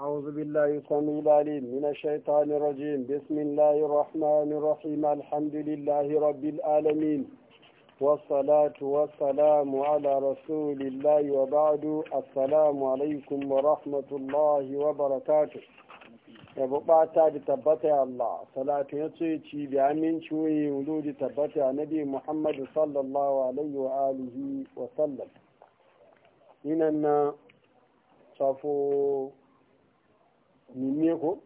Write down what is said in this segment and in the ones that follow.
أعوذ بالله السميع العليم من الشيطان الرجيم بسم الله الرحمن الرحيم الحمد لله رب العالمين والصلاة والسلام على رسول الله وبعد السلام عليكم ورحمة الله وبركاته yabo bata da tabbata Allah salatu ya ce ci bi amin ciwoyi wudu da tabbata nabi Muhammad sallallahu alaihi wa alihi mime ko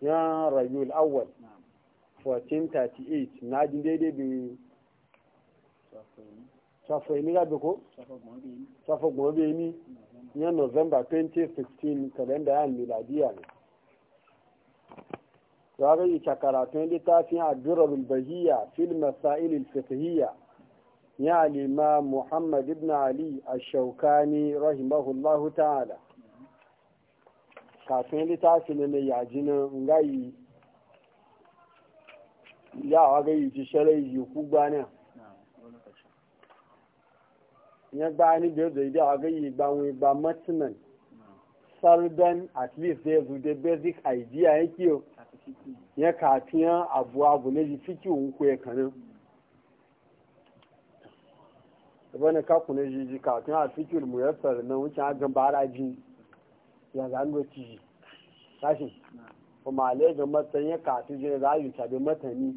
ya rayuwar awal 1438 na jin daidai bi safaini ko safa gobe ni ya november 2016 kalenda ya miladiya ne ya rage karatun littafin addurar bahiya fil masail fiqhiyya ya alima muhammad ibn ali ash-shawkani rahimahullahu ta'ala kafin ne na mai yaji na ngayi wa ga yi ci sharai yi ku gbana ya ni biyar da idawa ga yi gbanwe ba matinan sardin at least zai zo the basic idea yake ya kafin abu abu na ji fiki hunku ya kanin wani kakunan jiji kafin a fikir mu yassar na wucin agan bara jini yanzu an doci shi sashi kuma alaga matan ya katu je za a tabi matani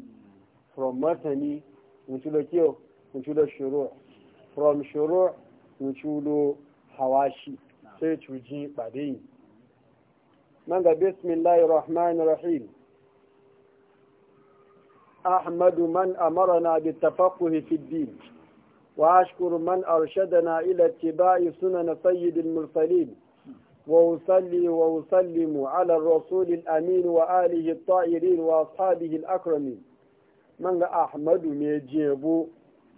from matani nchulo kiyo nchulo shuru from shuru nchulo hawashi sai cuji ɓadayi man ga bismillahir rahmanir rahim أحمد من أمرنا بالتفقه في الدين وأشكر من أرشدنا إلى اتباع سنن سيد المرسلين وأصلي وأسلم على الرسول الأمين وآله الطاهرين وأصحابه الأكرمين من أحمد ميجيبو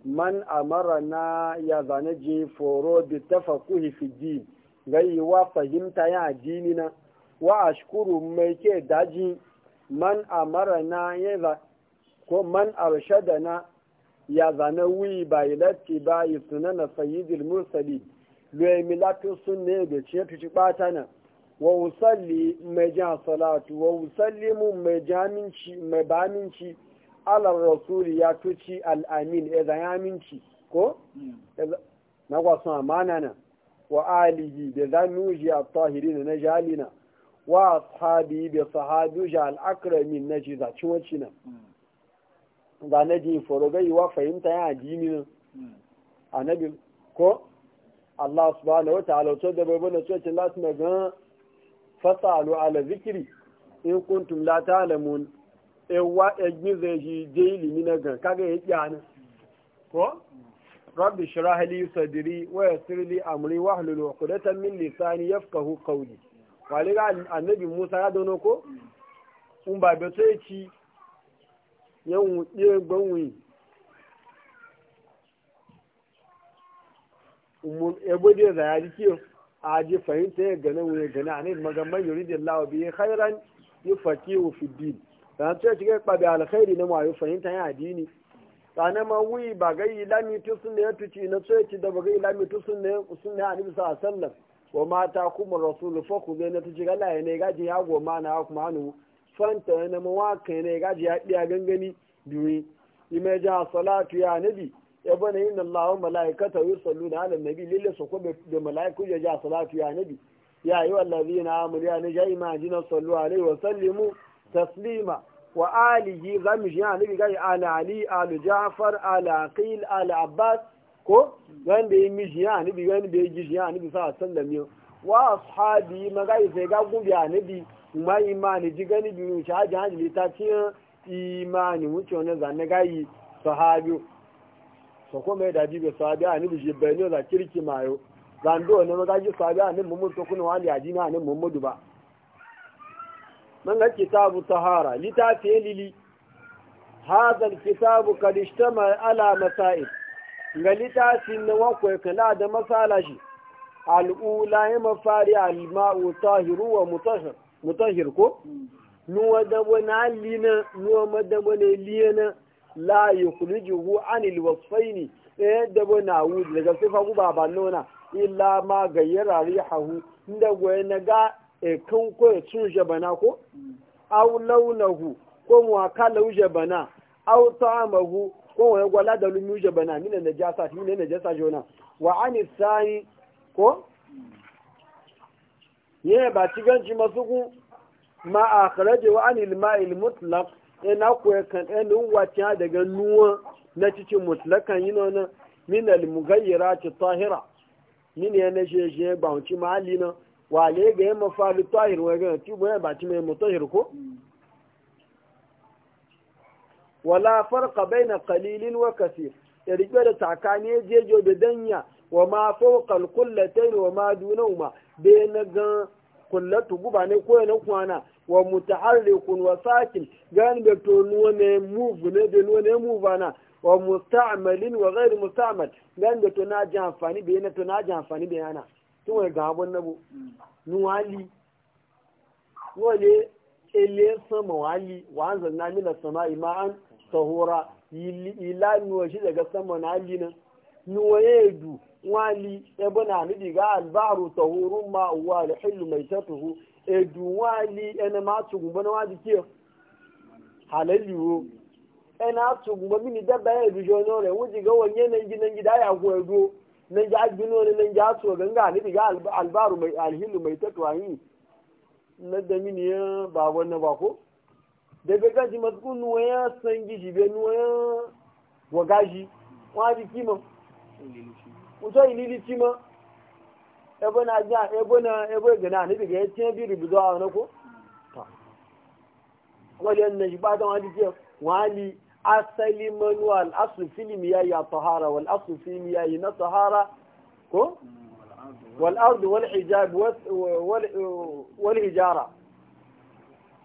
من أمرنا يزنجي فورو بالتفقه في الدين غي وفهمت يا ديننا وأشكر ميك داجي من أمرنا يزا ومن أرشدنا يزنوي بايلتي باي سنن سيد المرسلين lóye mi látún sún ní èdè tí ó tuntun pátá náà mai jan salatu mẹjá sọ́láàtù wọ́n wù sọ́lì mú mẹba aminci alarrasuri ya tuci al'amin ẹ̀zà ya aminci ko? na kwasan amana na wa alihi da zanuji a tahiri na na jalina wa ashabi da sahabi al'akramin na ji zaci wacce na ga na ji forogai wa fahimta ya addini na annabi ko? Allah subhanahu ta'ala to da babu na so ce lati na ga fasalu ala zikri in kuntum la ta'lamun e wa e gize ji daily ni na ga kaga ya kyana ko rabbi shrah li sadri wa yassir li amri wa hlul 'uqdatan min lisani yafqahu qawli wale ga annabi Musa ya dono ko un ba be to yi yan wuce gbanwi ebode da ya jike a ji fahimta ya gane wuri gane a ne magamman yuri da lawa biye khairan yi faki wa da na cewa cikin kwabe alkhairi na mayu fahimta ya addini sannan ma wuyi ba ga yi lami sun da ya tuci na cewa ci da ba ga yi lami tusun da sun da ya bisa a sallar wa mata kuma rasulu fa ku zai na tuci ga laye ne gaji ya goma na kuma hannu fanta na mawaka ne gaji ya ɗiya gangani biyu yi ja salatu ya nabi ya bane yin Allah wa mala'ikata da halin nabi lille su ko da mala'iku ya ja salatu ya nabi ya yi wallazi na amuri ya nija imajina sallu alaihi wa sallimu taslima wa alihi za mu shiya nabi gari ala ali alu ja'far ala aqil ala abbas ko wanda ya mi ya nabi wanda ya ji ya nabi sa sallam yau wa ashabi magai sai ga gubi nabi ma imani ji gani biyu shi hajji hajji ta ce imani wuce wani zanne gayi sahabi so ko mai daji be sabi ani bi jibbe ne da kirki mayo zando ne maga ji sabi ani mun to kuna wali aji na ani muhammadu ba man ga kitabu tahara litafi lili hada kitabu kad ishtama ala masaid ga litafi ne wa ko kana da masala shi ula ya mafari alma'u tahiru wa mutahhir ko hmm. nuwa da wani alina nuwa madabane liyana la yukhrijuhu anil wasfaini eh da na wud daga fa ku baba nona illa ma gayyara rihahu inda goye na ga e eh, kan ko tun jabana ko aw launahu ko mu aka lauje bana aw ta'amahu ko wa gwala da lumu jabana mina najasa ne najasa jona wa anis sai ko ye ba cigan ji masuku ma akhraju anil ma'il mutlaq ina kuwa kan ɗan wacce daga nuwa na cikin mutlakan yi nan min al-mughayyira ta tahira min ya na jeje ba wuce mahalli na wale ga fa faru tahir wa ga ti boye ba ti mai mutahir ko wala farqa baina qalilin wa kaseer ya rike da takani e jejo da danya wa ma fawqa al-qullatayn wa ma dunahuma bayan ga kullatu guba ne ko na kwana wa mutaharrikun wa sakin gani da to nuna move ne da nuna move ana wa musta'malin wa ghairu musta'mal gani da to na ji amfani da yana to na ji amfani da yana tun wani ga abun nabo nuwali wale ele sama wali wa anzal na mina sama ima'an sahura ila nuwa shi daga sama na ali nan nuwa ya du wali ebe na nidi ga albaru sahurun ma'uwa da hillu mai tatuhu eduwali ene ma tugumba na wadi kiyo halali wo ene a tugumba mini dabba ya edujo na re wuji ga wanye nan gi nan gi da ya ko edu nan ja gino ne nan ja to ganga ni diga albaru mai alhilu mai tatwahi na da mini ya ba wannan ba ko da be gaji mazkun nuwa ya san gishi be nuwa ya wagaji wadi kima Musa ilili cima ebo na ja ebo na ebo gana ni bi yace bi rubuzo a ko ta ne ba ta wani asali manual filmi ya ya tahara wal filmi ya yi tahara ko wal ardu wal hijab wal hijara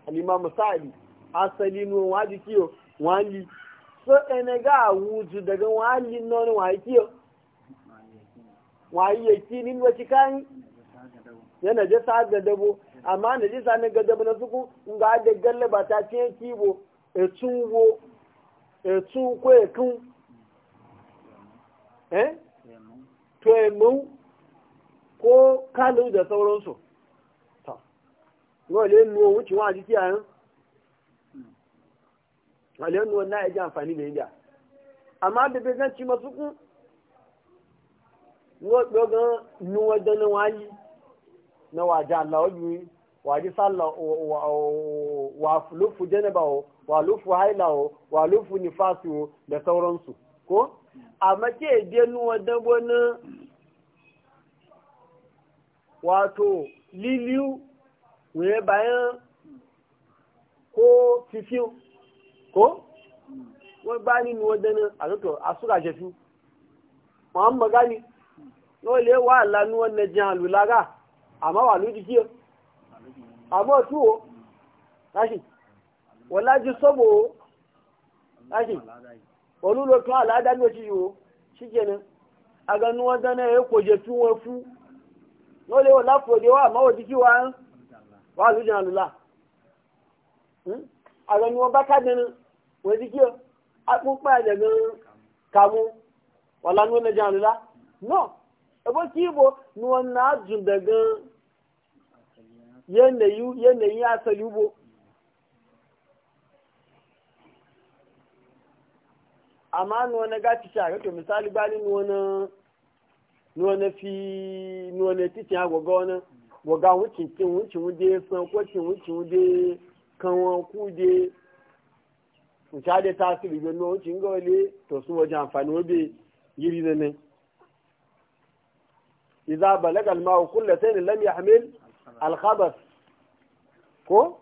al imam asali no kiyo so wuju daga wali wa kiyo wayi ya ki nin yana kan ya najasa ga dabo amma najasa na ga dabo na suku ga da gallaba ta ce kibo e tunwo e kwa ko e kun eh to e mu ko kalu da sauransu to wale nuwo wuce wa jiki a yan eh? wale nuwo na ya e ji amfani da inda amma da bai zan ci masu kun wọ́n pẹ́ gan nu wọn ní wọ́n na wà já àlà wà á sálà wà ló fún jẹ́nẹ́bà o wà ló fún haila o wà ló fún nífàsì o ko amma ke je nu wọn dán bó ná wato liliu wòye bayan ko fifiu ko wọ́n gbá nínú wọn dán àtúntò asúrà jẹ́fú wọ́n mọ̀ yóò lè wà lánú ọ̀nà jẹ́ àlùlára àmọ́ wà lójú kí o àmọ́ tú o láṣì wọ́n lájú sọ́bọ̀ o láṣì olúlọ́tún àládání oṣù yìí o ṣíkẹ́ ni aganu wọn dáná ẹ̀ kò jẹ́ tú wọn fú yóò lè wọ́n láfòdì wà àmọ́ òdì wà ń wà lójú àlùlá aganu wọn bá kádìrín wọ́n ti kí o ẹ̀jẹ̀ gan-an kàmú wà lánú ọ̀nà jẹ́ àlùlá náà. ebo kibo nuwa na jun daga yanayi asali bo amma nuwa na gaci shaka to misali bani nuwa na nuwa na fi nuwa na titi agwaga wani gwaga wucin cin wucin wude san ko cin wucin wude kanwa kude wuce da tasiri gano wucin gawale to su wajen amfani wabe yiri na nan إذا بلغ الماء كلتين لم يحمل الخبث كو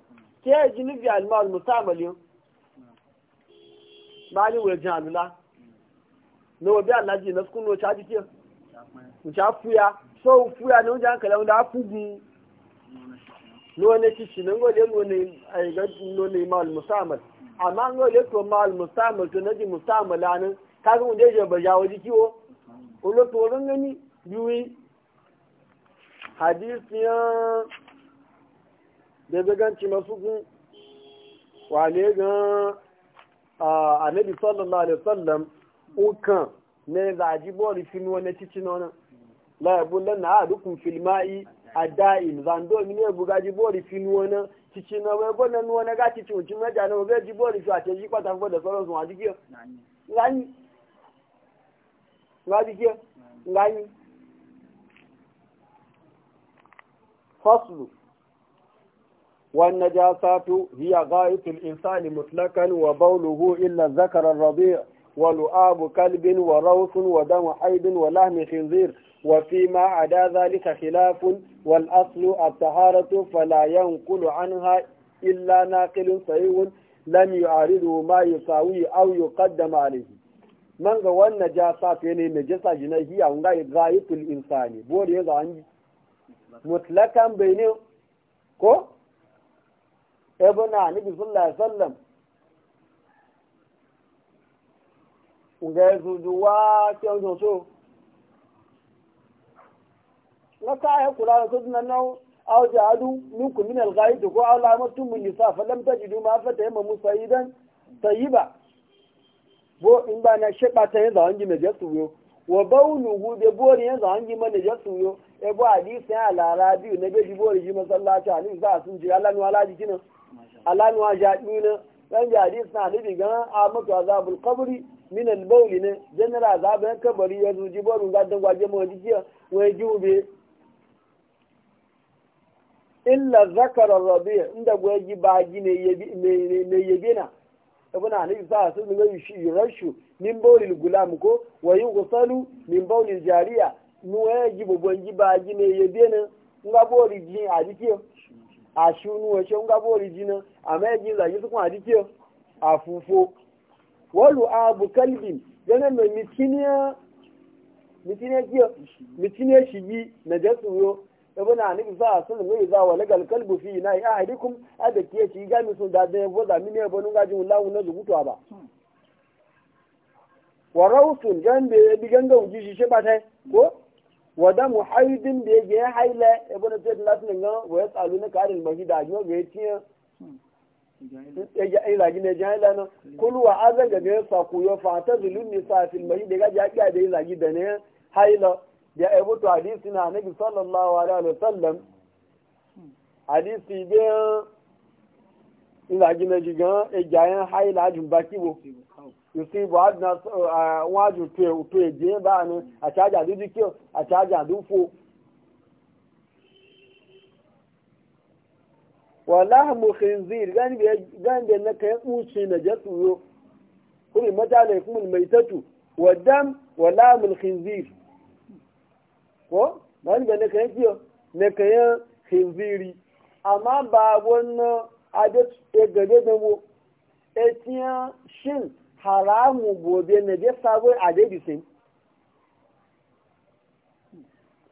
كي جنبي الماء المستعمل يوم bali wo jan alula no wo bi alaji na skun wo chaji ti mo cha fuya so fuya no jan kala unda fugu no ne ti shi ngo le ngo ne ga no ne amma ngo to mal musamal to naji musamal anan kaga unde je ba jawo jiki wo o lo to ran ngani hadisiyan da zaganci masu kun wale gan annabi sallallahu alaihi wasallam ukan ne zaji bori fin wani cikin wani la yabullan na adukum fil ma'i adaim zando ne bugaji bori fin wani cikin wani gonan wani ga cikin cikin maja na ga ji bori fi a ce ji kwata da sauransu a jikin ngani ngani faslu والنجاسات هي غاية الإنسان مطلقا وبوله إلا الذكر الرضيع ولؤاب كلب وروث ودم حيض ولحم خنزير وفيما عدا ذلك خلاف والأصل الطهارة فلا ينقل عنها إلا ناقل صحيح لم يعارضه ما يساوي أو يقدم عليه من غوى النجاسات يعني النجاسة جنيه هي غاية الإنسان بور يزعني mutlakan bai ne ko ebuna nufi sallallahu alaihi sallam. ga ya zuzu wa kyan so. na kayan kula da su nan nan au ja adu min kun min al-ghaib ko Allah ma tum min yusa fa ta tajidu ma fa ta yi ba. bo in ba na sheba tayin da wangi me jasu yo wa bauluhu da bori yanzu an yi mana ya suyo e bo hadisi ya lara biyu na beji bori ji masallaci a nufi za sun ji alanu ala jiki nan alanu a jaɗi nan ɗan ji hadisi na nufi gan a mutu azabul kabri min albauli ne general azabin kabari ya zuji borin gadon gwaje mawa jiki wai jube illa zakarar rabi inda gwaji ba gine ne yabe na ibn hanif za su nuna yi rashu min bawlil gulam ko wa yin gusalu min bawlil jariya nu ya ji babban ji ba ji ne ya bena nga bori ji a dike a shunu wa shi nga bori ji na amma ya ji za yi su kuma a dike a fufo walu abu kalbin ganin mai mitiniya mitiniya kiyo mitiniya shigi na jasu yo ibn anabi sa sun ne za wa lagal kalbu fi na ahadikum adaki ya ci ga mi sun da da bo da mi ne bo nunga jin lawu na zubutuwa ba wa rawsun jambe bi ganga uji shi shi batai ko wa damu haidin da yake ya haila ibn tayyib latin ga wa ya tsalu na karin mahida yo ga tiya ya ila gine jahila na kul wa azan ga ga sa ku yo fa ta zulun nisa fil mahida ga ya ga da ila gidane haila da ya mutu hadisi na nabi sallallahu alaihi wasallam hadisi da ila gina jigan ejayen haila jun baki bo yusi bo adna eh, ah, wa ju te to eje e ba ni achaja du di kio achaja du fo wala mu khinzir gan be gan be na kai uci na jasu yo kuma mata ne kuma mai tatu wa dam wala mul khinzir ko man da na kan kiyo na kan hinziri amma ba wannan adat e gade da mu e tiya shin haramu gobe na je sabo adadi sin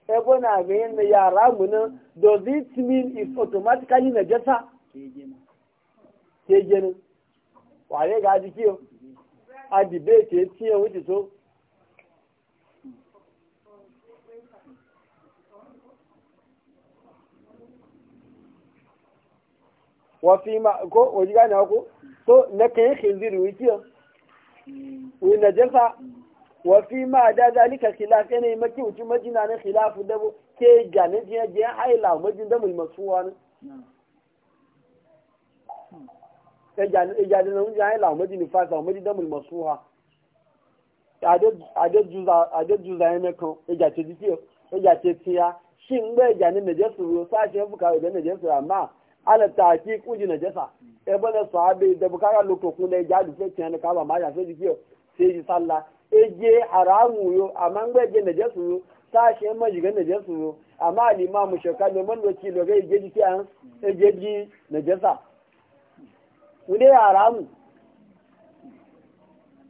e bona ga yin ya haramu nan does it mean is automatically na jasa ke genu ware ga jiki a debate e tiya wuce so wafi ma ko waji na ko so na kan khinzir wiki wi na jafa wafi ma da zalika khilaf ne maki uci majina ne khilafu da bo ke gane je je haila majin da mul masuwa ne ke gane ya da nan je haila majin fa sa majin da mul masuha ade juza ade juza ne kan e ja ce dikiyo e ja ce tiya shin gbe ja ne ne je su sa je fuka da ne je su ama ala taki kunji na jasa e bana sahabe da bukara lokokun da ya dufe tiyan da kaba ma ya sai jikiyo sai ji sallah e je haramu yo amma ngbe je na jasu yo sashe ma jiga na jasu yo amma alimamu shaka ne man waki lo ga je jiki an e je ji na jasa wule haramu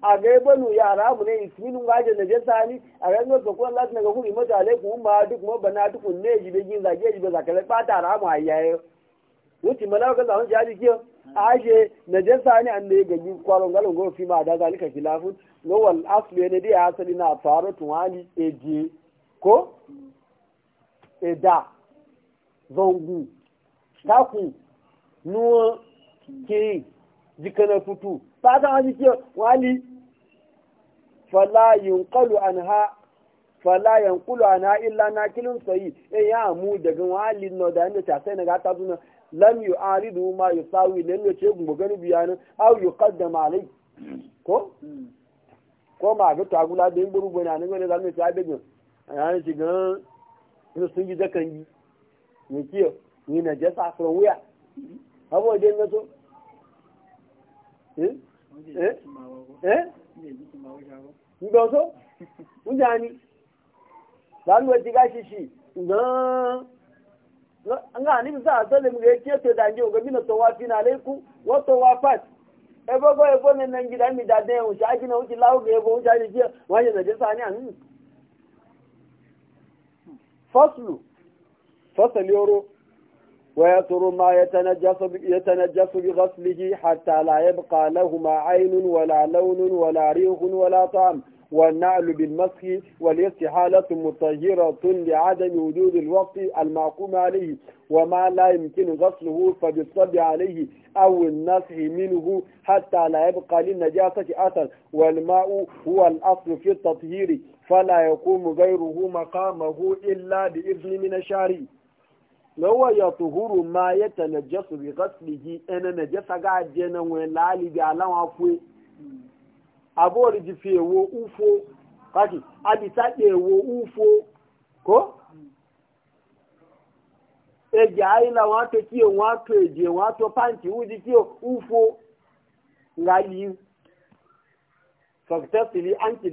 a ga banu ya haramu ne isminu ga je na jasa ni a ga ngo ko Allah na ga ku imata alaikum ma duk mo bana duk ne jibe jin zage jibe zakale pata haramu ayayo wuti mana ga zaman jari kiyo aje najasa ne an ne ga gaji kwalon galon go fi ma da zalika khilafun no wal aslu ne dai asali na faro tuwali eje ko eda zongu taku nuwa ke jikana futu ta ta wani kiyo wali fala yunqalu anha fala yanqulu anha illa nakilun sayi eya ya mu daga wali no da ne ta sai na ga ta zuna lam yu'aridu ma yusawi lan ya ce gumbu gani biyanin aw yuqaddama alai ko ko ma ga tagula da buru bana nan ne zamu ci abin yana ci ga su sun yi zakan yi ne kiyo ni na jasa from where habo dai na so eh eh eh ni ba so mun jani dan wa ci gashi shi ngan nga ni bisa za mu mure ke to da o ogobi na to wa fina alaikum wa to wa fat e bo bo e bo ne nan da mi da de o sha na o ti lawo ge bo o sha ji wa ye na je sa ni an hmm. faslu fasal yoro wa ya turu ma yatanajjasu bi yatanajjasu bi ghaslihi hatta la yabqa lahu ma aynun wala lawnun wala rihun wala ta'am والنعل بالمسح والاستحالة مطهرة لعدم وجود الوقت المعقوم عليه وما لا يمكن غسله فبالصب عليه أو النسح منه حتى لا يبقى للنجاسة أثر والماء هو الأصل في التطهير فلا يقوم غيره مقامه إلا بإذن من الشاري لو يطهر ما يتنجس بغسله أنا نجس قاعد جنوين لعلي بعلم عفوه abori ji ufo kaki abisa ufo ko eji ayila wọn ato kí o wọn ato èdè wọn ato pàǹtì ufo nga yìí sọ̀kítẹ́sìlì àǹtì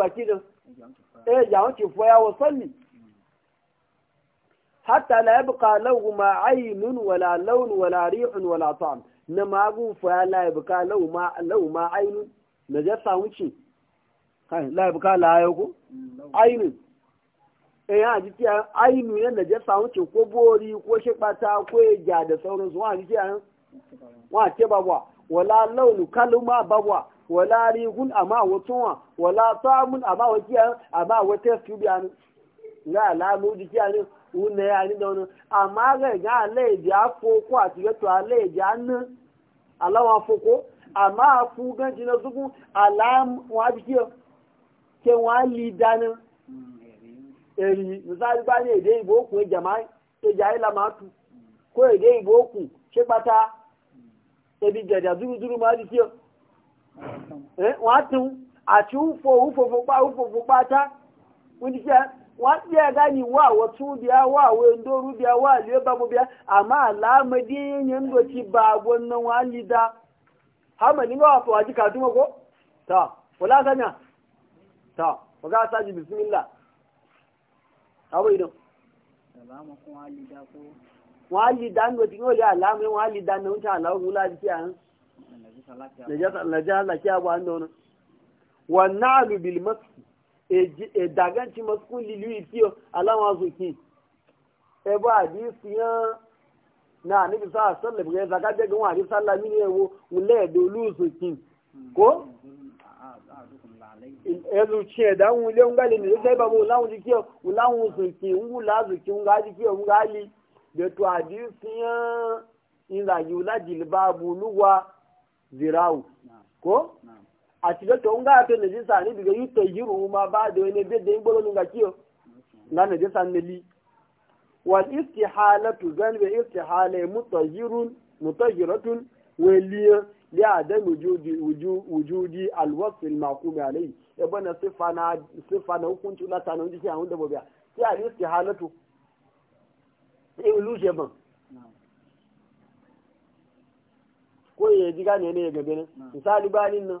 wa kíjọ eji àwọn ti fọ́ ya wọ sọ́lì hátà láyébùkà lọ́wọ́ ma ayi nínú wàlà lọ́wọ́ wàlà rí ìhùn na magu fa ya la buka lau ma lau ma ainu na ja samu ci kai la buka la ayo ko ainu eh ya ji ti ainu ne na ja samu ci ko bori ko shi bata ko ja da sauran su wa ji ti an wa ce babwa wala launu kaluma babwa wala rihun amma watunwa wala samun amma wakiya amma wata su biya la mu ji ti ne wunne ya ni da wani amma ga ga alaiji a cikin to alaiji annan alawan afoko amma afu ganci na zuku alam ne ide ibo ku jama'i ebi gẹ̀dẹ̀ máa di wọ́n á tún àti ń wọ́n waɗiya gani wa wasu biya wa wendoru bịa wa liyo babu biya amma alamadi yin doci ba wannan wali da hamalin ga wasu waji katu mako ta wala sanya ta waka saji bismillah abu idan wali ndochi ndo ti ngoli alamai wali da na wuce alawar wula jiki a nan najasa lakiya ba an da wani wannan abu bilmasu edaganci e, masu lilu ikiyo alama zuki ebo hadisi yan na anabi sa sallam ga zaka da gan hadisi sallam ni ewo mule do luzu ko ezu che da un le un gale ni sai ba mu lawu dikiyo un zuki un gu la zuki un ga dikiyo un ga li de to hadisi yan zirau ko a cikin to nga to ne jisa ni diga yuto yiru ma ba da wani be da ngolo nga kiyo na ne jisa ne li wal istihalatu zan be istihala mutahirun mutahiratun waliya li adam wujudi wujudi al wasf al alayi. Ya e bana sifana sifana hukunci la tanan dike an da bobiya sai al istihalatu iluje ban ko ya ji gane ne ya gabe ne misali banin nan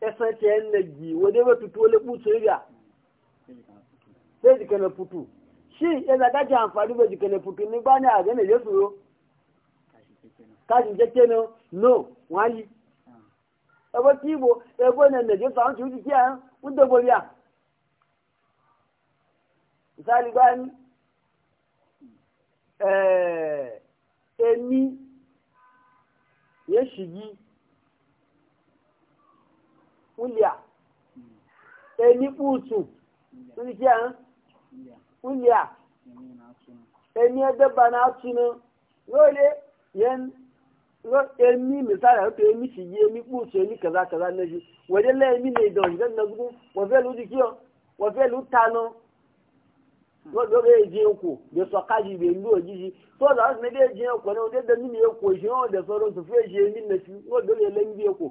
esan ti en na gi wode ba tutu le putu ya sai jike na putu shi ya zaga ji amfani ba jike na putu ni ba ni a gane yesu yo kashin jake no no wani ebo tibo ebo na na jesu an shuji kiya un da boliya misali bani eh emi ye shigi wúlíà ẹni púùtù ní kí ẹn wúlíà ẹni ẹgbẹ́ba náà túnú yóò lé yẹn ẹni mìsára ẹ̀kọ́ ẹni sì yé ẹni púùtù ẹni kàzákàzá náà yìí wọ́dẹ́ lẹ́ẹ̀mí lè dàn ìjọba náà gbogbo wọ́n fẹ́ lù dìkí ọ wọ́n fẹ́ lù tanú lọ́dọ̀ bẹ́ẹ̀ jí ẹ̀kọ́ lè sọ káyì ìwé ìlú òjijì tọ́lá ọ̀sán bẹ́ẹ̀ jí ẹ̀kọ́ náà wọ́n dẹ́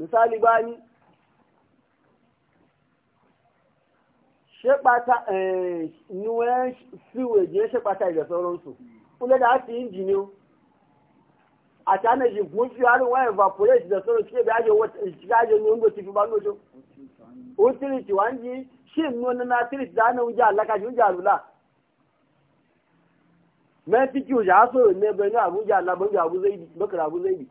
misali bani shekpata eh, nuwe siweji ya shekpata da sauransu kula da hati injiniyo a tana shi kun fi harin wayan evaporate da sauran suke da ajiye wata shiga ajiye ba nojo utility wanji shi nuna na tirit da ana wuja alaka shi wuja alula mai fiki wuja haso ne bai na abuja alaban abu zaidi bakar abu zaidi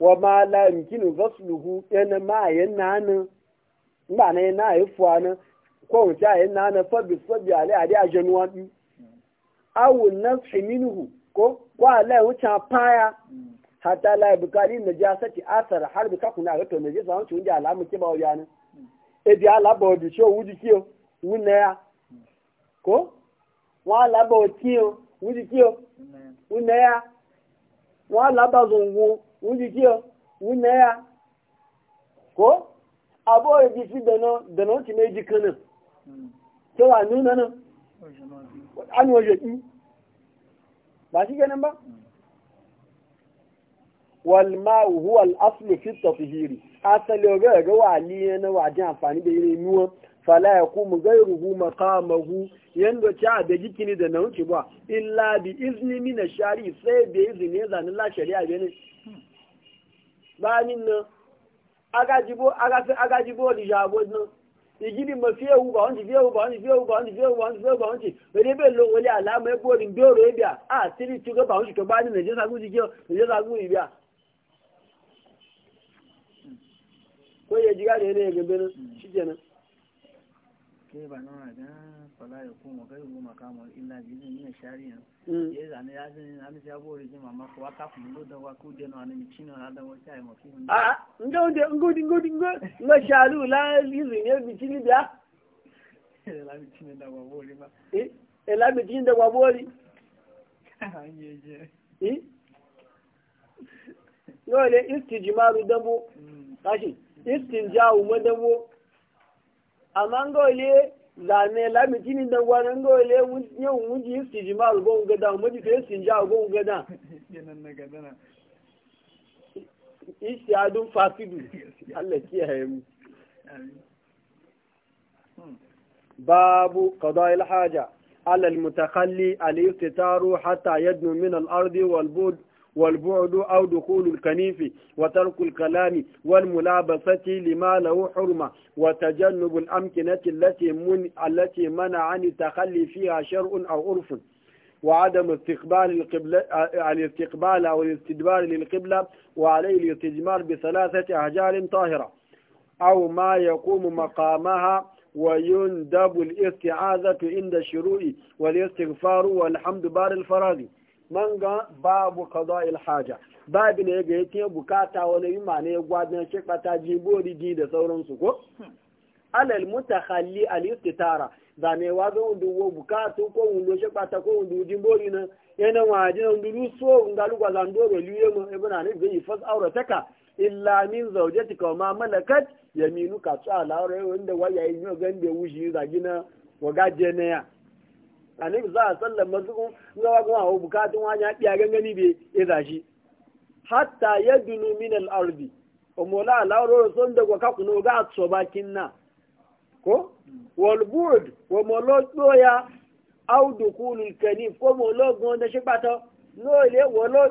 wa ma la yumkinu ghasluhu yana ma yana nan ba na yana haifuwa nan ko wuce yana nan fabi fabi ale ade a januwa bi awu na minhu ko ko ala wuce paya hatta la bukari najasati asar har bi ka kuna ga to najasa wuce wanda alamu ke ba yana e bi ala ba bi so wuji kiyo wuna ya ko wa ala ba kiyo wuji kiyo wuna ya wa ala ba wunji kiyo wunna ya ko abu da ji fi dano dano ci mai ji kanin cewa nuna nan an waje ki ba shi ganin ba wal ma'u huwa al aslu fi tafhiri asali ga ga wali ne na wajen amfani da yi nuwa fala ya kuma kama hu yadda ci a da jikini da na wuce ba illa bi izini mina shari sai da izini zanen la shari'a benin bayanin nan agajibo agafe agajibo ni yabo nan igidi mo fi ewu ba onji fi ewu ba onji fi ewu ba onji fi ewu ba onji fi ewu ba onji wele be lo wele alama ebo ni bi oro ebia a tiri tugo ba onji to ba ni nigeria sagu ti je nigeria sagu ibia ko ye jiga de ne gbe nan shi kenan sai ba nan da fala ya kuma kai mu makamu illa jizin ne shari'a ya zane ya zane na misa bo rijin mama ko aka kun do da wa ku de no anan chino na da wata ai mafi a ngo de ngo de ngo de ngo ma shalu la jizin ne bi chini da e la bi chini da wa bori ma eh la bi chini da wa bori anye je eh ngo le istijmaru dambo mm. kashi istinja'u madambo amma ga wale zane lamiti da wani ga wale yau wuji yi su jima algon gada wuji ka yi su jima algon gada ishi adun fasidu Allah kiyaye mu hmm. babu qada al haja على المتخلي الاستتار حتى يدنو من الأرض والبود والبعد أو دخول الكنيف وترك الكلام والملابسة لما له حرمة وتجنب الأمكنة التي من التي منع عن التخلي فيها شرع أو عرف وعدم استقبال القبلة الاستقبال أو الاستدبار للقبلة وعليه الاستجمار بثلاثة أحجار طاهرة أو ما يقوم مقامها ويندب الاستعاذة عند الشروع والاستغفار والحمد بار الفراغ manga babu kaza ilhaja babu ne ga yake bukata wani yi mane ya gwadon shi kata jibori ji da sauransu ko alal mutakhalli al istitara da ne wa ga wundu wo bukata ko wundu shi kata ko wundu jibori na yana waje na wundu so ngalu ga ro liye mu ibn ali ga yi fas taka illa min zawjatika wa ma malakat yaminuka tsala aure wanda waya yi yo gande wushi zagina wa ne ya annabi za a masu mazuku ngawa kuma hawo bukatun wani ya biya gangani bai ya zashi hatta yadunu min al-ardi umola alawro son da gwaka kuno ga atso bakin na ko wal wa molo doya au kanif ko molo gonda shi bato no ile wolo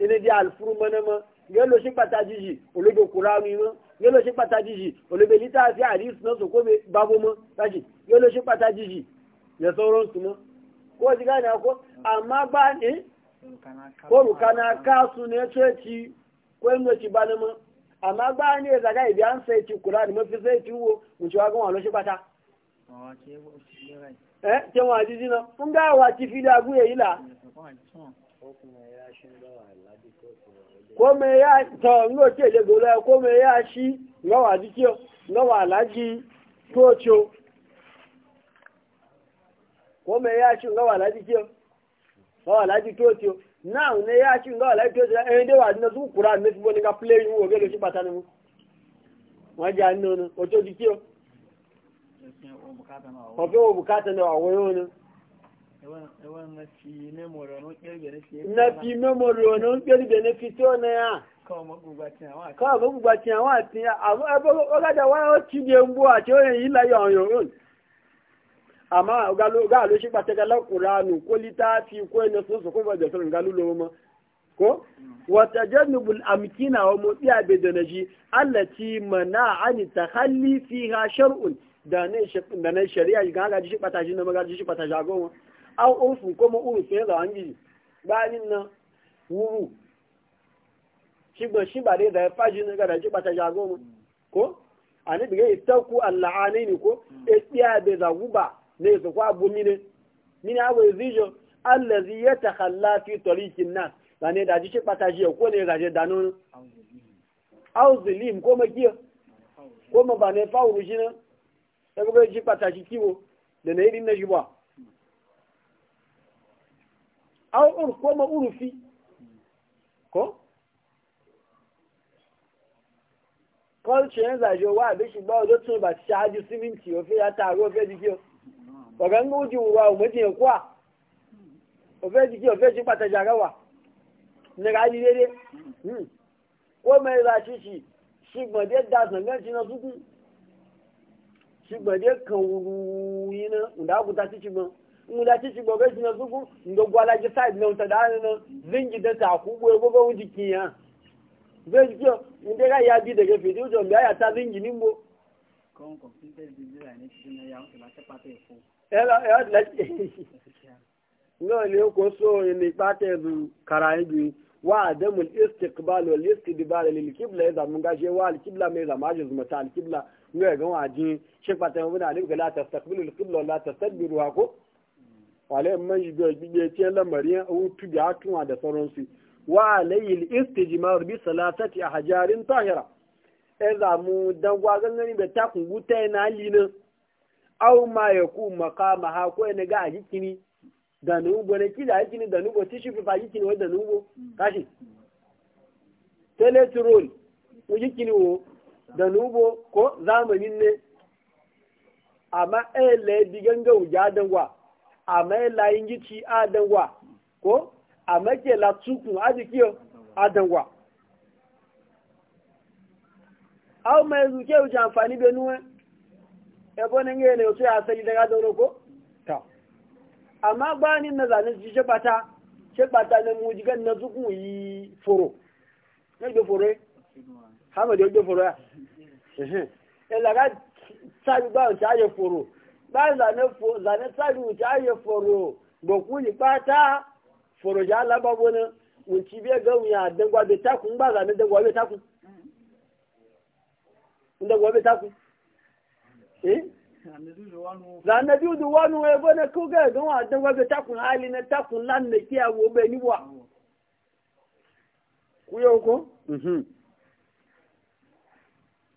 ene di alfuruma eh, na ma yóò lọ sí pàtàkì jì olóògbé kura mi mọ yóò lọ sí pàtàkì jì olóògbé lítà sí àdìs náà sòkó mi ko mọ kájì yóò lọ sí pàtàkì jì yẹ sọrọ nsú mọ kó o ti ká ní akó àmà bá ní kórùka náà káàsù ní ẹtú ẹtì kó ẹnu ẹtì bá ní mọ àmà bá ní ìzàgá kura ni fi wo nṣèwà gán wà lọ si pata ɛ ṣé wọn a jí náà n gbà wà ti fi dàgú èyí là. ko me ya to ngo ce gola ko ya shi ngo wa dikio ngo wa laji tocho ko me ya shi ngo wa laji kio ngo wa laji tocho ne ya shi ngo wa laji tocho na su kura ne ni play ge lo shi o dikio na na fi memory ọ̀nà kẹ́rìbẹ̀ ní fi tí ó na kọ́ àwọn àti di àti láyé ọ̀yọ̀ òun àmá kó lítà fi kó ẹni ko wata mana ani da ga a an ursu kuma ursu ya zawon gidi bayanin nan wuru shigban shi ba dai da ya faji na gada shi ba ta jago mu ko a ni bigai taku alla'anai ne ko mm. e tsiya bai zagu ba ne su kwa abu mine mine abu ya zijo allazi ya ta halla fi tarikin nas ba ne da ji shi ba ta jiya ko ne gaje dano auzilim ko makiya ko ma ba ne fa'uru shi nan ya e, bugai shi ba ta shi kiwo da na irin na shi ba aw urf ko ma urufi ko culture yanzu a wa abin shi ba wajen tun ba ci haji siminti ofe ya taro ofe jiki ọ̀gá ń gbójú wa ò méjì ẹ̀kọ́ à ofe jiki ofe jiki pàtàkì àrẹwà nira yí dédé hmm. ó mẹ́rin àṣìṣì ṣùgbọ́n dé dazàn gan jiná tuntun ṣùgbọ́n dé kan wùrù yín náà ǹdàkùtà sí ṣùgbọ́n. ngula ti ci gobe na zugu ndo gwala ji side na unta dana na zingi da ta ku bo go wuji kiya zai ji yo inde ga ya bi daga fidi ujo mbi aya ta zingi ni nimbo kon ko finte di la ni ti na ya o la ta pate fu ela ela la no le ko so ni pate du karai du wa adamul istiqbal wal istidbal lil qibla idan mun ga je wal qibla mai zama je zuma ta al qibla ne ga wajin shi pate mun da ga la istiqbal lil qibla la ha ko wale man shi ga gige ce lamari an tu ga tuwa da sauransu wa alayhi al-istijmar bi salatati ahjarin tahira e za mu dan gwagan gani be ta kun guta na lina ma yaku maqama ha ko ne ga ajikini da nu bo ne kida ajikini da nu bo tishu fa ajikini wa da nu bo kashi teletrol mu jikini wo da nu bo ko zamanin ne amma ele diganga uja dangwa àmọ́ layin yìí ti àdánwà kó àmọ́ jẹ́ la tukùn àdìkí o àdánwà. àwọn ọmọ ẹ̀rù kí èròjà àǹfààní bẹ nú ẹ ẹ̀bọ́ ní ẹ̀rẹ̀ òtún àṣẹyìn dára dọ́rọ̀ kó tà àmọ́ gbá ní nàzà ní ti ṣe pàtà ṣe pàtà ní mo jìgá ní tukùn yìí fòrò ní ìgbé fòrò ẹ hàmọ̀dé ìgbé fòrò ẹ ẹ̀ làgá sáà gbá ọ̀tí fòrò ba zane fo zane tsari wuce aye foro ba kuli pata foro ja laba bona wuce be ga wuya be ba zane be be eh zane wanu e bona ku ga wa be hali lan ne wo be ni wa ku yo ko mhm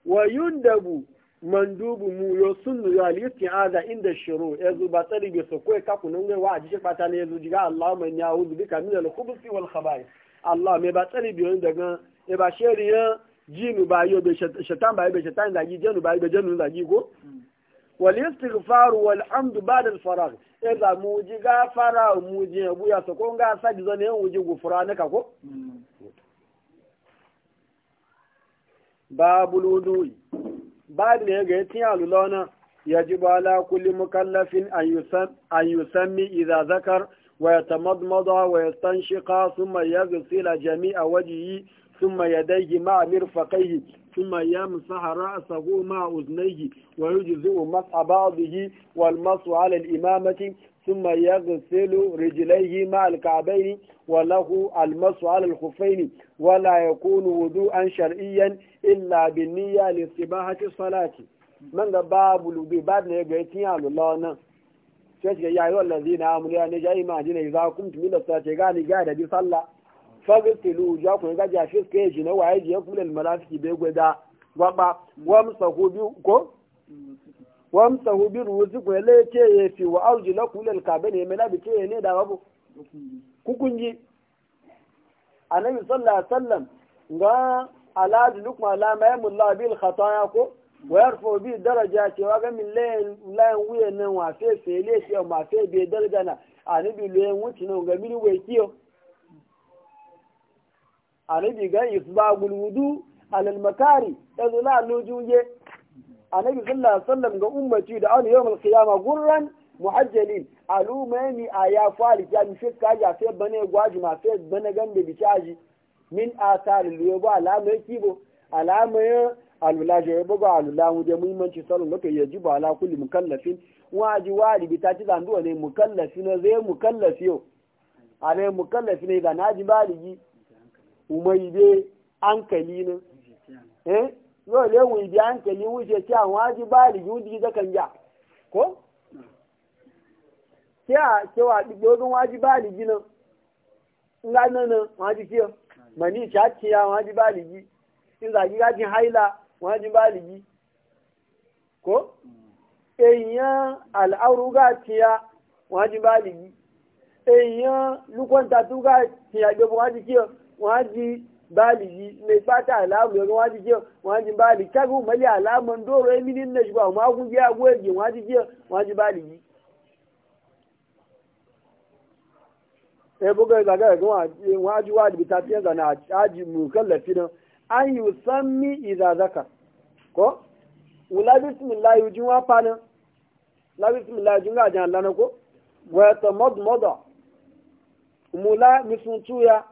wa yundabu mandubu mu yo sunnu yo aliyuti aza inda shiru e ya zu ba tsari bai so kai ka kunun gai wa a jike ne ya diga jiga Allah mai ya wuzu bi min al khubusi wal khaba'is Allah mai ba tsari bai daga ya ba shariya jinu ba yo bai shaitan ba be shaitan zagi jinu ba bai jinu zagi ko wal istighfar wal hamd ba'da al faragh ya e za mu ji gafara mu ji abu ya so ko ga sa ji zane mu ji gufura ka ko hmm. babul wudu'i babu ne ga yatin alulona ya ji bala ala kulli mukallafin an yusammi idza zakar waya yatamadmada waya yastanshiqa thumma yaghsila jami'a wajhihi thumma yadayhi ma mirfaqihi thumma yamsaha ra'sahu ma uznayhi wa yujzi'u mas'a ba'dihi wal mas'u 'ala al imamati thumma yaghsilu rijlayhi ma al ka'bayni kuna lahu al mas'u wudu'an shar'iyyan illa bi niyya li tibahati salati man da babu lubi babu ne ga yatin alullah nan sai ya yayi wallazi na amuli ya ne ga imani ne za kun tumi da sace ga ni ga da bi salla fagtilu ja ku ga ja shi ke ji na waye ji ku lil malafiki be gwada gwaba wamsahu bi ko wamsahu bi ruzi ku le ce ye fi wa auji la ku ka kabe ne me na bi ce ne da babu kukunji annabi sallallahu alaihi wasallam ga ala dulukum ala ma yamulla bil khataya ko wa yarfu bi daraja ce wa ga min layin layin wuya nan wa fe fe le ce ma fe be daraja na ani bi layin wuci nan ga mini wai kiyo ani bi ga isbagul wudu alal makari yanzu la lujuje annabi sallallahu alaihi wasallam ga ummati da an yawmul qiyamah gurran muhajjalin alumani aya fali ya mi fiska ya fe bane gwaji ma fe bane gande bicaji min asar liyo ba alamai kibo alamai alula je bo ga alula mu je muhimmanci salon da kai ba ala kulli mukallafin waji bi ta ci duwa ne mukallafi na zai mukallafi yo ale mukallafi ne da naji baligi umai be ankali ne eh yau ne wuyi bi ankali wuce ci an waji baligi wuji da kan ja ko ke a wa dogon waji baligi nan ngana nan waji kiyo mani chakiya wọn ji baligi in zagi gajin haila wọn ji baligi ko èèyàn al'aruga tiya wọn ji baligi èèyàn lukon tatuga tiya gbogbo wọn ji kí wọn ji baligi mai fata alamu yau wọn ji kí wọn ji baligi kagun mali alamun doro emini na shugaba wọn kun ji agwegi wọn ji kí wọn ji baligi e wa zaga ga waji bi ta tiyan zana aji mu mukallafi nan an yi sammi idza zaka ko wula bismillah yujin wa fana la bismillah yujin ga jan lana ko wa ta madmada mula misuntuya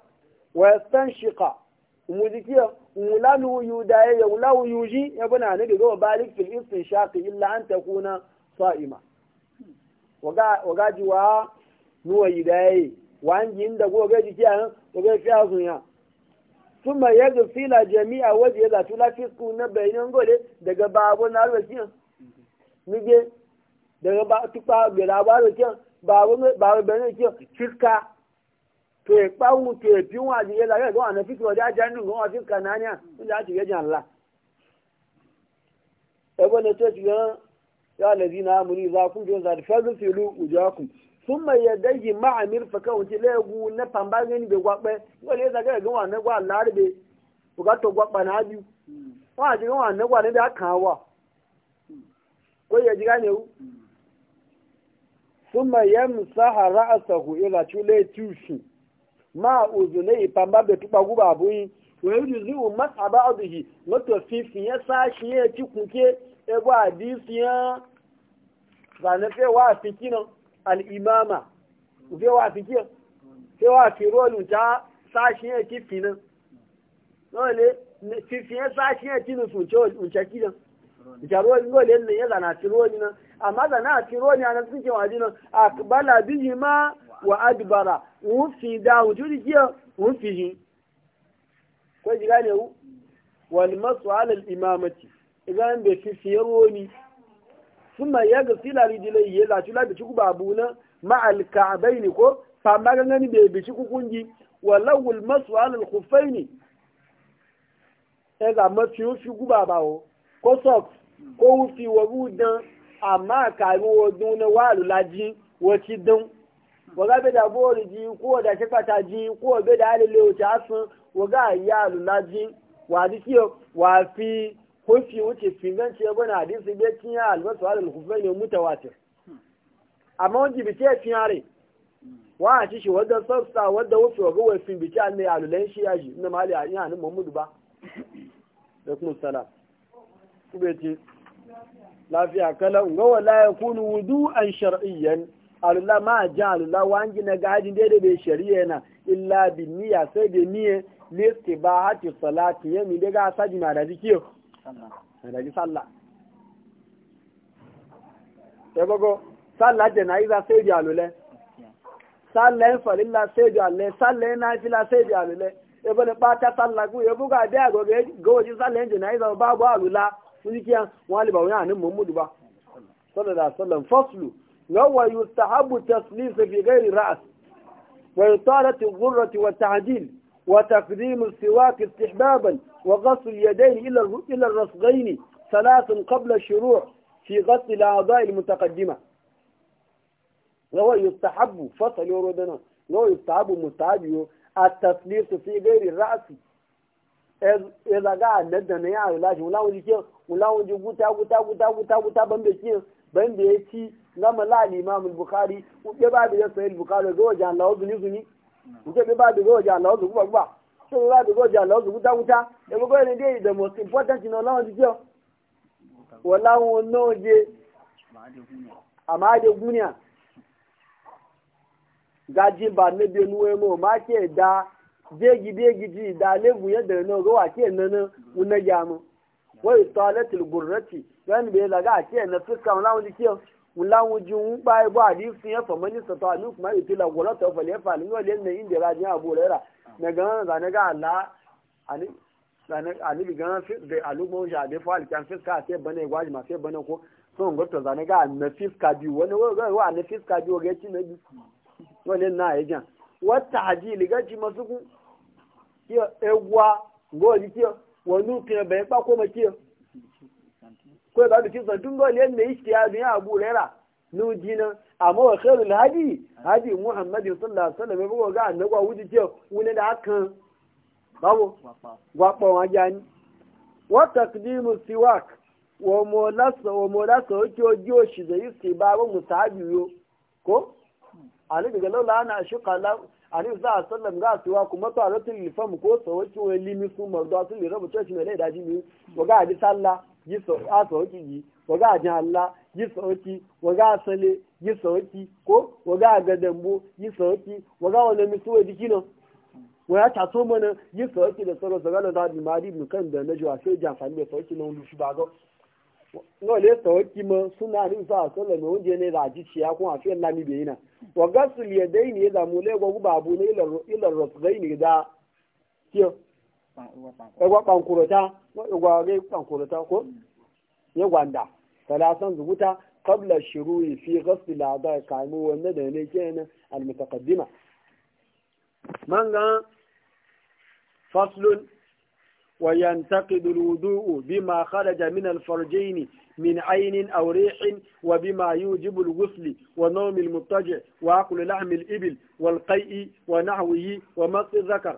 wa yastanshiqa mudikiya mula nu yudaye ya wula yuji ya bana ne ga balik fil istinshaqi illa an takuna sa'ima waga waga jiwa nuwa yudaye wanjin da gobe jiki a gobe fi azun ya suma ya fila jami'a waje ya zatu lafi su na bayanan gole daga babu na arziki nige daga ba tukpa bela ba arziki babu babu bayanan ki fiska to e pawu to e bi wa ji ya la ga ana fiska da janu ga fiska na ne mun da ji ga Allah ebo ne to ji e ya lazina amuri za kun jo za da fazu filu ujakum sun mai yadda yi ma'amir faka wuce na famba gani bai gwakpe wani ya zagaya gan wani gwa larabe bukato gwakpa na biyu wani jigan wani gwa ne da aka hawa ko ya jiga ne wu sun mai yan saha ra'asa hu ila cule tushu ma uzune famba bai tuba guba abuyi wa yi juzi umar abu'aduhi wato fifi ya e ya ci kuke wa fikinan al'imama zai wa fi kiyar sai wa fi rolin ta sashen kifi nan lọ́lẹ̀ fífi ẹ́ sáṣíyàn tí ní sùn tí ó ṣe kí náà ìjàrò ní lọ́lẹ̀ ní yẹ́ lànà àti róní náà àmàdà náà àti róní àti tí kí wọ́n àdínà àkùbálà bí yìí máa wà ádùbàrà òun fi dá òun tó rí kí òun fi yìí kó wà ní alẹ́ ìmáàmàtì ń bẹ̀ ni. suma ya ga sila rijilai ya zaci la bici kuba abu na ma'al ka'abai ne ko fama gangani bai bici kukungi walawul masu alal kufai ne ya ga mafi yi ku guba bawo ko sok ko wufi wa rudan amma kari wa na wa alu alulaji wa ci don waga bai da bori ji ko da shakata ji ko bai da alile wuce asun waga ya alulaji wa dikiyo wa fi kofi wuce finganci ya bana hadisi bai cinya albasu alal kufai ne mutawatir amma wajen bice ya cinya rai wa a ci shi wadda sassa wadda wasu wa wai fin bice an ne alulan shi ya ji na mali a yanin muhammadu ba da kuma salam kube ce lafiya kala ga wala ya kunu wudu an shar'iyyan alula ma jan alula wangi na gajin daidai bai shari'a yana illa bi niyya sai da niyya listi ba hati salati yami daga sajina da zikiyar alhaji sallah ya sai da alule sallah farilla sai da alule sallah nafila sai da alule ya bane bata sallah ku ya buga da go ga wajen sallah jana'iza babu alula sun kiya wali ba wani ba sallallahu faslu wa yustahabu taslis fi ghairi wa ta'dil وتقديم السواك استحبابا وغسل اليدين إلى إلى الرصغين ثلاث قبل الشروع في غسل الأعضاء المتقدمة لو يستحب فصل يوردنا لو يستحب مستحب التثليث في غير الرأس إذا قاعد ندنا يا علاج ولا وجه ولا وجه غوتا غوتا غوتا غوتا غوتا بمبكين بمبكين لما لا الإمام البخاري وكبابي يسأل البخاري زوجان لا وزني زني nke bi ba dugo ja lo dugo gba so bi ba dugo ja lo dugo ta wuta e go ni dey the most important no lawo di jo wala won no Gajimba ne bi nu e ma ke da deji deji ji da lebu ya da no go wa ke nan una ja na fuska wulawujin ba e ba hadisi ya fa mani sa ta ni kuma iti e la gola ta fa le ni wale ne inda ra ni abu rera ne ga na ne ga Allah ani bi gan fi de alugo ja de fa al fiska te bane e gwaji ma te bane ko so ngo to zane ga na fiska bi wani wa wa na fiska bi ga ti na bi wale na ya jan wa ta'jil ga ji masu ku ngo ji ti wonu ti be pa ko ma ti ko da duk sai dun gole ne istiyazu ya Abu Huraira nu jina amma wa khairul hadi hadi Muhammad sallallahu alaihi wasallam ko ga annabi wuji ce wani da hakan babu gwapa wa jani wa taqdimu siwak wa molasa wa molasa yake shi da yusi babu musabi yo ko ali daga laula ana shuka la ali za sallam ga siwa kuma to alatul lifam ko sawaki wa limi su mardu asul rabu church mai da jibi wa ga adi sallah yi sauki yi waga a jin ala yi sauki waga a sale yi sauki ko waga a ga dambo yi sauki waga wani misu wa jiki nan waya taso mana yi sauki da soro sauran da zaɓi mari ibn kan da na jiwa sai jan fani da sauki na wani shi ba ga no le sauki ma suna ni sa sallah mai wunje ne da ji ciya kuma fiye lami bai yana wa gasul yadaini ya zamu le gwa gubabu ne ilar rasgaini da kiyo egwa kwankurota egwa ga kwankurota ko ya gwanda salasan zubuta qabla shuru'i fi ghasl al-a'dha kanu wanda da ne kenan al-mutaqaddima manga faslun وينتقد الوضوء بما خرج من الفرجين من عين أو ريح وبما يوجب الغسل ونوم المضطجع وعقل لحم الإبل والقيء ونحوه ومس الذكر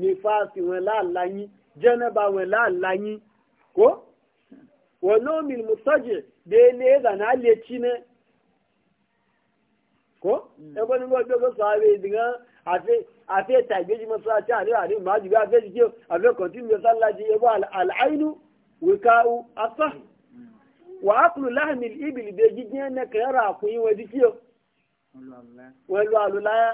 nifasi wọn láàlá yín jẹ́nẹ́bà wọn láàlá yín kó wọn náà mi mú sọ́jì déélé ìdáná lè tí ná kó hmm. ẹgbẹ́ nígbà tó kó sọ àwẹ̀ ìdìgán àfi ẹ̀ta ìgbéjì mọ́ sọ́ra tí àríwá àríwá máa jù bí afẹ́ ti kí o àfẹ́ kọ̀tínú lọ sálá ti ẹgbẹ́ àlàáyínú wíkáwù asá hmm. wà á kúrò láàmì ìbìlì bẹ́ẹ̀ jíjẹ́ ẹ̀nẹ́kẹ̀ẹ́rà àkúnyìn wọn di kí o wọ́n lu àlùláyà.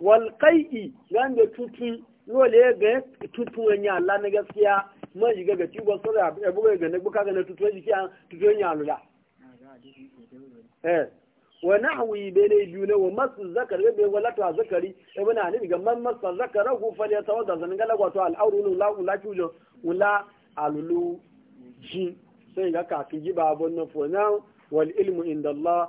walƙai'i zan da tutun ya ga tutun wani Allah na gaskiya man shiga ga ciwon sura ya buga ga na buka ga na tutun jiki an tutun ya lula eh wa nahwi bayna juna wa masu zakar ga bai walatu ta zakari ibn ne e ga man masu ya falyatawadda zan ga lagwato al'aurun la la tujo wala alulu ji sai ga ka ki ji babun na fo na wal ilmu inda Allah